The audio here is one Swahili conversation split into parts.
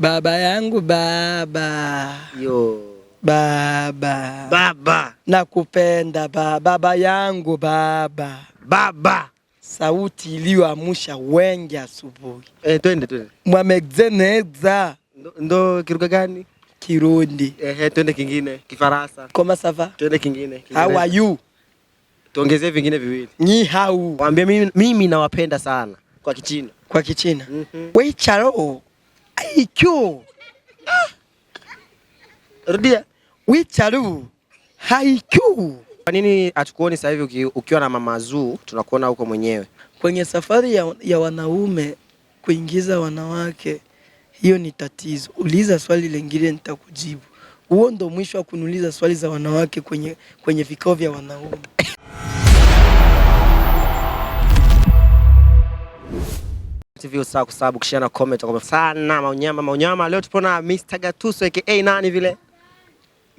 Baba yangu baba. Yo. Baba. Baba. Nakupenda baba, baba yangu baba. Baba. Sauti iliyoamsha wengi asubuhi. Eh, twende twende. Mwamegzeneza. Ndo, ndo kiruka gani? Kirundi. Eh, twende kingine. Kifaransa. Koma sava. Twende kingine. kingine. How are you? Tuongezee vingine viwili. Ni hau. Waambie mimi, mimi nawapenda sana kwa Kichina. Kwa Kichina. Mm -hmm. Wei charo. IQ. Rudia. Wicharu. IQ. Kwa nini hatukuoni sasa hivi ukiwa na mama Zuu tunakuona huko mwenyewe? Kwenye safari ya, ya wanaume kuingiza wanawake hiyo ni tatizo. Uliza swali lingine nitakujibu. Huo ndo mwisho wa kuniuliza swali za wanawake kwenye, kwenye vikao vya wanaume. TV usahau kusubscribe, kushare na comment kwa sana maunyama maunyama. Leo tupo na Mr. Gatuso aka nani vile?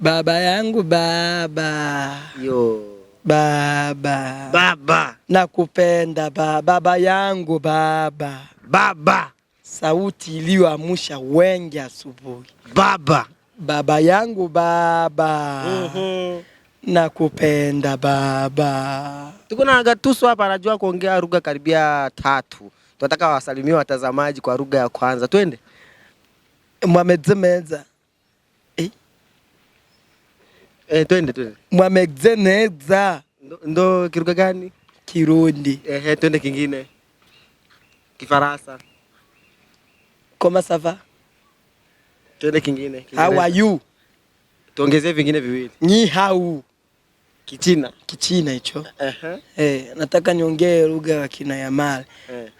Baba yangu baba. Yo. Baba. Baba. Nakupenda baba, baba yangu baba. Baba. Sauti iliyoamsha wengi asubuhi. Baba. Baba yangu baba. Mhm. Nakupenda baba. Tuko na Gatuso hapa anajua kuongea lugha karibia tatu tunataka wasalimia watazamaji kwa lugha ya kwanza. Twende mwamezemeza eh? Eh, twende twende mwamezemeza ndo, ndo kiruga gani? Kirundi. Ehe, eh, twende kingine Kifaransa. Koma sava. Twende kingine, kingine. How are you? Tuongezee vingine viwili. Ni hau. Kichina. Kichina hicho. Uh eh, -huh. Eh. eh, nataka niongee lugha ya mali Eh.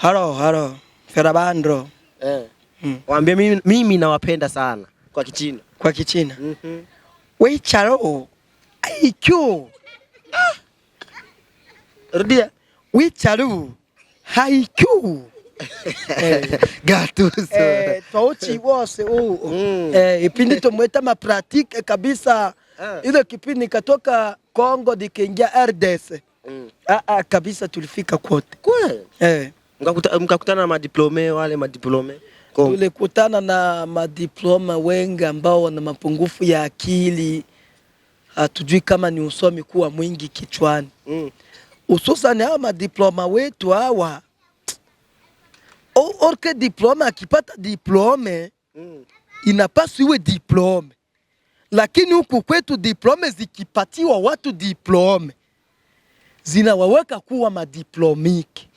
Halo, halo. Ferabandro. Eh. Mm. Waambie mimi, mimi nawapenda sana kwa Kichina. Kwa Kichina. Mhm. Mm Wei charo. Ai kyo. Ah. Rudia. Wei charo. Hai kyo. eh. Gatuso. Eh, twauchi wose huu. Mm. Eh, ipindi tumweta pratique kabisa. Ah. Eh. Ile kipindi katoka Kongo dikiingia RDS. Mm. Ah, ah, kabisa tulifika kwote. Kweli? Eh. Mkakutana na madiplome wale madiplome Tulikutana na madiploma wengi ambao wana mapungufu ya akili, hatujui kama ni usomi kuwa mwingi kichwani hususan mm. hawa madiploma wetu hawa orke diploma akipata diplome mm. inapaswa iwe diplome, lakini huku kwetu diplome zikipatiwa watu diplome zinawaweka kuwa madiplomiki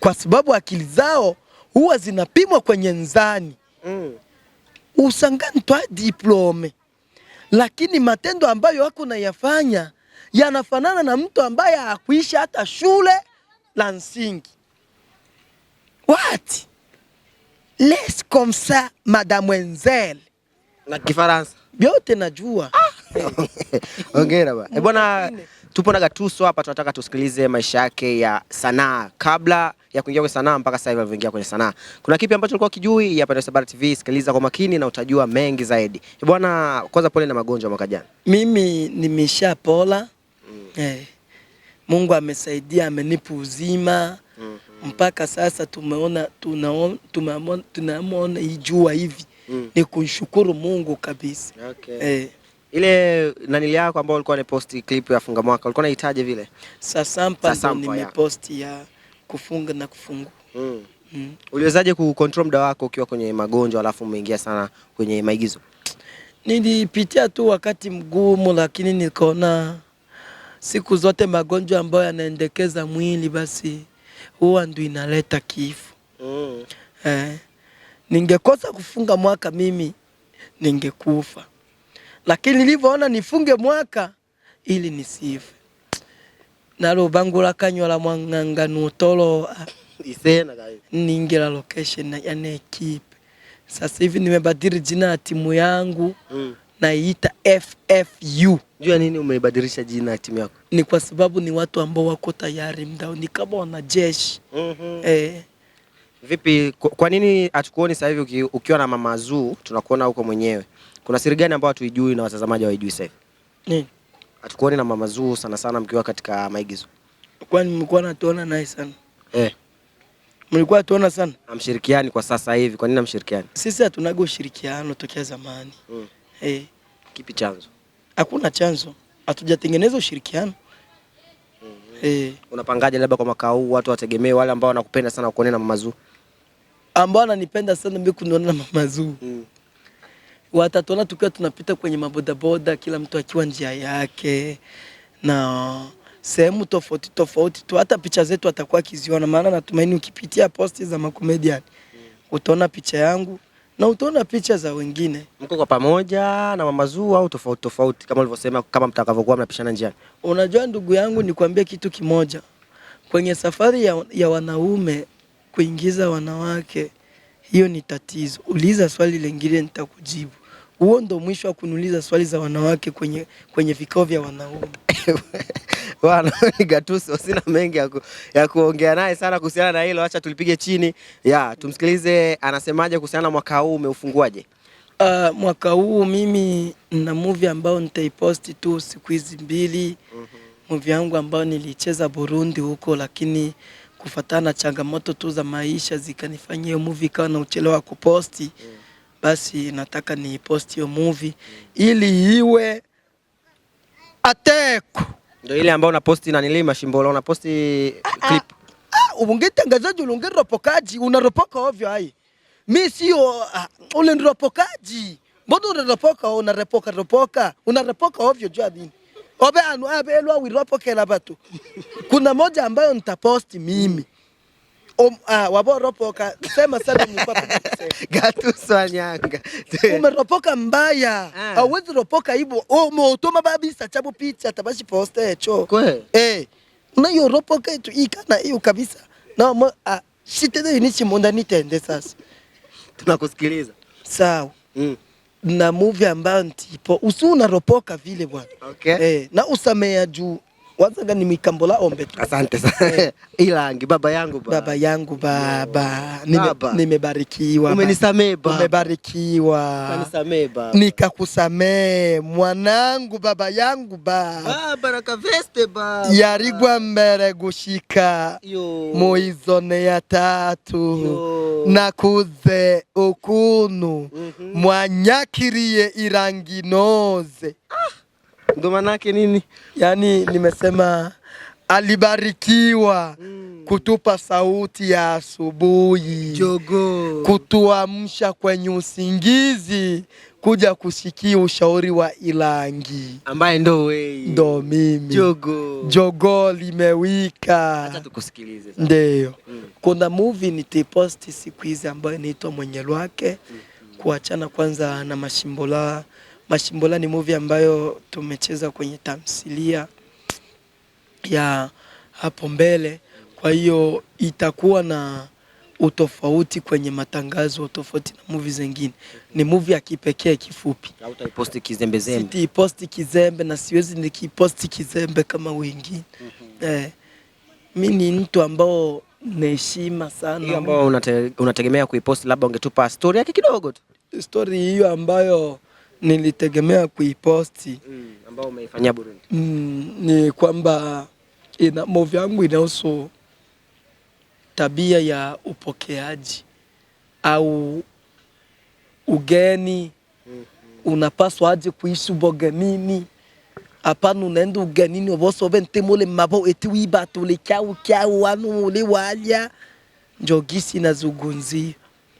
kwa sababu akili zao huwa zinapimwa kwenye nzani mm. Usangani diplome, lakini matendo ambayo wako nayafanya yanafanana na mtu ambaye hakuisha hata shule la msingi. What les comme ça madame Wenzel na Kifaransa vyote najua. Ah. Ongera bwana. Eh, Tupo na Gatuso hapa, tunataka tusikilize maisha yake ya sanaa kabla ya kuingia kwenye sanaa mpaka sasa hivi alivyoingia kwenye sanaa. Kuna kipi ambacho ulikuwa ukijui? Hapa ndio Sabara TV, sikiliza kwa makini na utajua mengi zaidi. E bwana, kwanza pole na magonjwa mwaka jana. Mimi nimeshapola mm. Eh, Mungu amesaidia amenipa uzima mm -hmm. Mpaka sasa tumeona tunaona tunaona hii jua hivi mm. Ni kushukuru Mungu kabisa okay. Eh. Ile nanili yako ambao ulikuwa unaposti clip ya funga mwaka ulikuwa unahitaji vile sasampa, sasampa nimeposti ya kufunga na kufungua mm. mm. Uliwezaje kucontrol muda wako ukiwa kwenye magonjwa alafu umeingia sana kwenye maigizo? Nilipitia tu wakati mgumu, lakini nikaona siku zote magonjwa ambayo yanaendekeza mwili basi huwa ndio inaleta kifo mm. Eh, ningekosa kufunga mwaka mimi ningekufa lakini nilivyoona nifunge mwaka ili nisife nalo bangu la kanywa la mwanganga nuotolo ah, isena mwanganutolo la location na ya ekipe. Sasa hivi nimebadili jina ya timu yangu mm. Naiita FFU. Jua nini umeibadilisha jina ya timu yako? Ni kwa sababu ni watu ambao wako tayari mdao, ni kama wanajeshi mm -hmm. Eh. Vipi, kwa nini hatukuoni sasa hivi ukiwa na Mama Zuu? Tunakuona huko mwenyewe kuna siri gani ambayo hatuijui na watazamaji hawajui sasa hivi? Nini? Hatukuoni na Mama Zuu sana sana mkiwa katika maigizo. Kwani mlikuwa natuona naye sana? Eh. Mlikuwa tuona sana? Hamshirikiani kwa sasa hivi. Kwa nini hamshirikiani? Sisi hatunaga ushirikiano tokea zamani. Mm. Eh. Kipi chanzo? Hakuna chanzo. Hatujatengeneza ushirikiano. Mm -hmm. Eh. Unapangaje labda kwa mwaka huu watu wategemee wale ambao wanakupenda sana kuonana na Mama Zuu? Ambao wananipenda sana mimi kuonana na Mama Zuu. Mm watatuona tukiwa tunapita kwenye mabodaboda, kila mtu akiwa njia yake na sehemu tofauti tofauti tu, hata picha zetu atakuwa akiziona. Maana natumaini ukipitia posti za makomedian utaona picha yangu na utaona picha za wengine. Mko kwa pamoja na Mama Zuu au tofauti tofauti kama ulivyosema, kama mtakavyokuwa mnapishana njiani? Unajua ndugu yangu, nikwambie kitu kimoja, kwenye safari ya, ya wanaume kuingiza wanawake hiyo ni tatizo. Uliza swali lingine nitakujibu. Huo ndo mwisho wa kuniuliza swali za wanawake kwenye, kwenye vikao vya wanaume. Bwana Gatuso, sina mengi ya, ku, ya kuongea naye sana kuhusiana na hilo, acha tulipige chini ya tumsikilize anasemaje kuhusiana na mwaka huu umeufunguaje? Uh, mwaka huu mimi na movie ambao nitaiposti tu siku hizi mbili. mm -hmm. Movie yangu ambayo nilicheza Burundi huko, lakini kufatana na changamoto tu za maisha zikanifanya hiyo movie ikawa na uchelewa kuposti mm. Basi nataka ni posti hiyo movie mm. ili iwe ateko ndio ile ambayo unaposti na nilima shimbola posti ah, ah, clip. Ah, Ungetangazaji ungeropokaji unaropoka ovyo hai. Mi sio ndropokaji Mbona unaropoka unarepoka ropoka unarepoka ovyo jua dini obe anu abelwa wiropokela batu kuna moja ambayo nitaposti mimi Um, ah, waboropoka sema sana gatuswanyanga umeropoka mbaya ah. Awezi ropoka hivyo oh, motoma babisa sachabu picha tabashi poste cho. echo eh, unayoropoka itu ikana hiyo kabisa na ah, shitede inichi munda nitende sasa tunakusikiliza sawa mm na movie ambayo ntipo usi unaropoka vile bwana okay. Eh, na usamea juu Wazaga ni mikambo la ombe tu. Asante sana. Ilangi baba yangu ba. Baba yangu baba. Nimebarikiwa. Umenisamee baba. Umebarikiwa. Umenisamee baba. Nikakusamee mwanangu baba yangu baba. Ah, baraka veste baba. Yarigwa mbere gushika. Yo. Muizone ya tatu. Yo. Nakuze ukunu. Mm -hmm. Mwanyakiriye irangi noze. Ah. Ndo yake nini? yani nimesema alibarikiwa mm. kutupa sauti ya asubuhi jogo, kutuamsha kwenye usingizi kuja kusikia ushauri wa Ilangi ambaye ndo wewe ndo mimi jogo, jogo limewika. Acha tukusikilize Ndio mm. kuna movie nitiposti siku hizi ambayo inaitwa mwenye lwake mm. kuachana kwanza na mashimbola Mashimbola ni movie ambayo tumecheza kwenye tamthilia ya hapo mbele, kwa hiyo itakuwa na utofauti kwenye matangazo tofauti na movie zingine. Ni movie ya kipekee kifupi. Hautaiposti kizembe zembe. Sitaiposti kizembe na siwezi nikiposti kizembe kama wengine. mm -hmm. Eh, mi ni mtu ambao naheshima sana. Hiyo ambao unate, unategemea kuiposti, labda ungetupa story yake kidogo tu. Story hiyo ambayo nilitegemea kuiposti mm, ambao umeifanyia Burundi mm, ni kwamba ina movi yangu inahusu tabia ya upokeaji au ugeni mm -hmm. Unapaswa aje kuishi bogenini? Hapana, unaenda ugenini oboso vente ntemole mabo eti wibatule kyau kyau wanu ule walya njogisi nazugumzia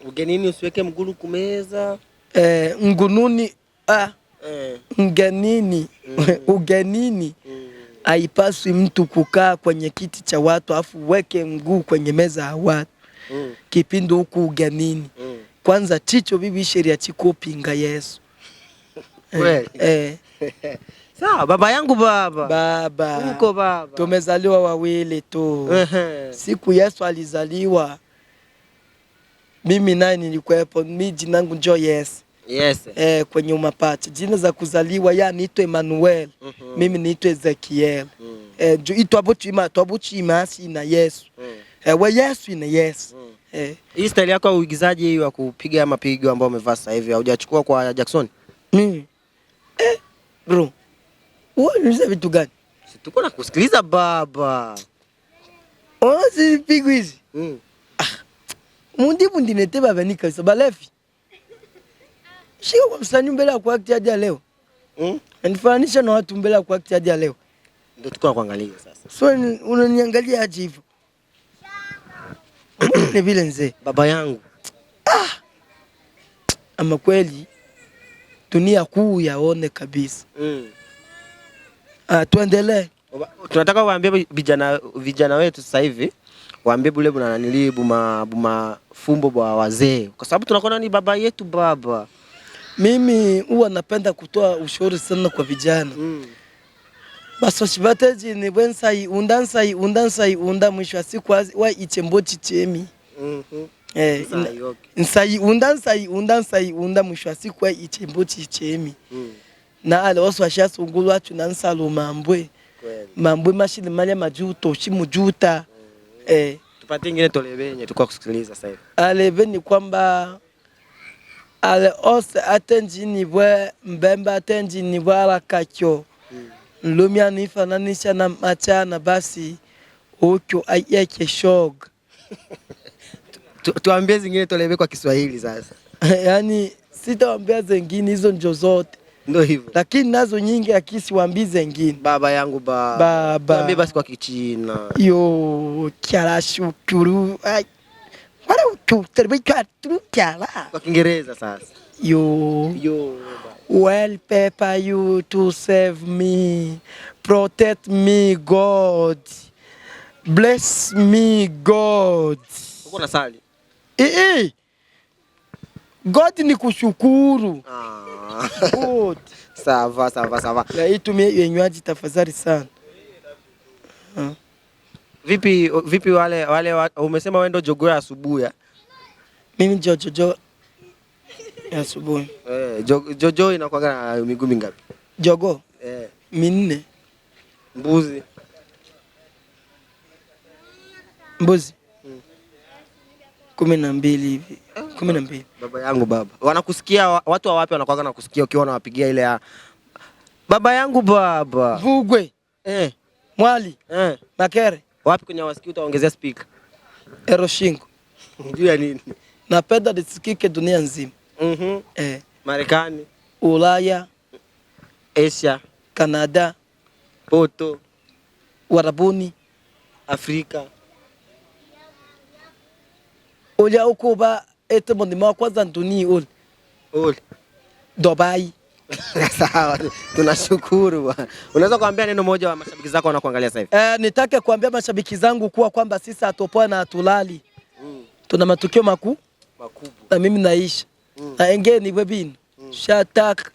ugenini, usiweke mgunu kumeza eh, ngununi ah, eh, mganini mm. uganini mm. mtu kukaa kwenye kiti cha watu afu weke mguu kwenye meza ya watu mm. kipindi huku uganini mm. kwanza chicho bibi sheria chikopinga Yesu eh, eh. Sawa baba yangu baba. Baba. Uko baba. Tumezaliwa wawili tu siku Yesu alizaliwa mimi naye nilikuwepo, mimi jinangu njo Yesu Yes. Eh, kwenye umapacha jina za kuzaliwa ya niitwa Emmanuel mm -hmm. mimi niitwa Ezekiel mm. eh, juu itwabuchima twabuchima na Yesu mm. eh, we Yesu ina Yesu mm. eh. Hii style yako ya uigizaji hii wa kupiga mapigo ambayo umevaa sasa hivi haujachukua kwa Jackson? Mm. Eh, bro. Wewe vitu gani? Si tuko na kusikiliza baba. Ona oh, si pigo hizi. Mm. Ah. Mundi mundi nete baba nikasa balefi. Shika kwa msanii mbele ya kuact hadi leo. Mm? Anifananisha na watu mbele ya kuact hadi leo. Ndio tukao kuangalia sasa. So unaniangalia aje hivyo? Ni vile nzee. Baba yangu. Ah. Ama kweli dunia kuu yaone kabisa. Mm. Ah, tuendelee. Tunataka waambie vijana vijana wetu sasa hivi waambie bule buna nanili buma buma fumbo bwa wazee kwa sababu tunakuwa ni baba yetu baba mimi huwa napenda kutoa ushauri sana kwa vijana mm. basoshibateji ni bwensai undansai undansai unda mwisho wa siku wa ichembochi chemi mm -hmm. eh, nsai undansai undansai unda mwisho wa siku wa ichembochi chemi mm. na ale wasu washasungulu na nsalu mambwe mambwe mashili malia majuto shimujuta mm. eh. tupate ingine tolebenye tukwa kusikiliza sasa hivi alebeni kwamba ale ose atɛnji nibwɛ mbɛmbɛ atɛnji nibwɛ ala katsɔ nlomia hmm. ni fana ni siana matsa basi ucho ayɛtsɛ shog tuambie zingine tolewe kwa Kiswahili sasa yani sitaambia zengine hizo njo zote ndio hivyo, lakini nazo nyingi akisiwambi zengine. Baba yangu ba baba, basi kwa Kichina yo ay Wala ututaribika tukiala. Kwa Kiingereza sasa. You, you well pepper you to save me. Protect me God. Bless me God. Uko na sali? Eh, eh. God ni kushukuru. Ah. God. Sawa, sawa, sawa. Na itumie yenywaji tafadhali sana. Ah. Vipi vipi wale wale umesema wewe ndo jogoo ya asubuhi? Mimi ndio jojo ya asubuhi. Eh, jojo inakuwa na miguu mingapi? jogo Eh, minne. Mbuzi? Mbuzi hmm, kumi na mbili hivi. Eh, kumi na mbili. Baba yangu baba. Wanakusikia watu wa wapi wanakuwa kusikia ukiwa unawapigia ile ya Baba yangu baba. Vugwe. Eh, Mwali. Eh, Makere. Wapi kwenye wasikii utaongezea speaker? Ero Shingo. Juu nini? Napenda nisikike dunia nzima. Mhm. eh. Marekani, Ulaya, Asia, Kanada, Poto, Warabuni, Afrika. Ulia ukuba ete mwandima wa kwanza dunia ule. Ule. Dubai. Sawa, tunashukuru Unaweza kuambia neno moja wa mashabiki zako wanakuangalia sasa hivi? Eh, nitake kuambia mashabiki zangu kuwa kwamba sisi hatopoa na hatulali mm. tuna matukio makuu makubwa na mimi naisha mm. na engeni webin mm. shatak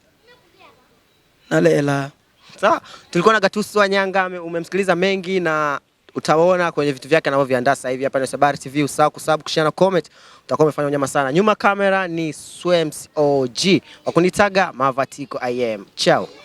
nalela. Sawa, tulikuwa na Gatuso nyanga umemsikiliza mengi na utaona kwenye vitu vyake anavyoviandaa sasa hivi hapa ni Sabari TV. Usahau kusubscribe, kushare na comment, utakuwa umefanya unyama sana. Nyuma kamera ni Swems OG, wakunitaga Mavatiko. I am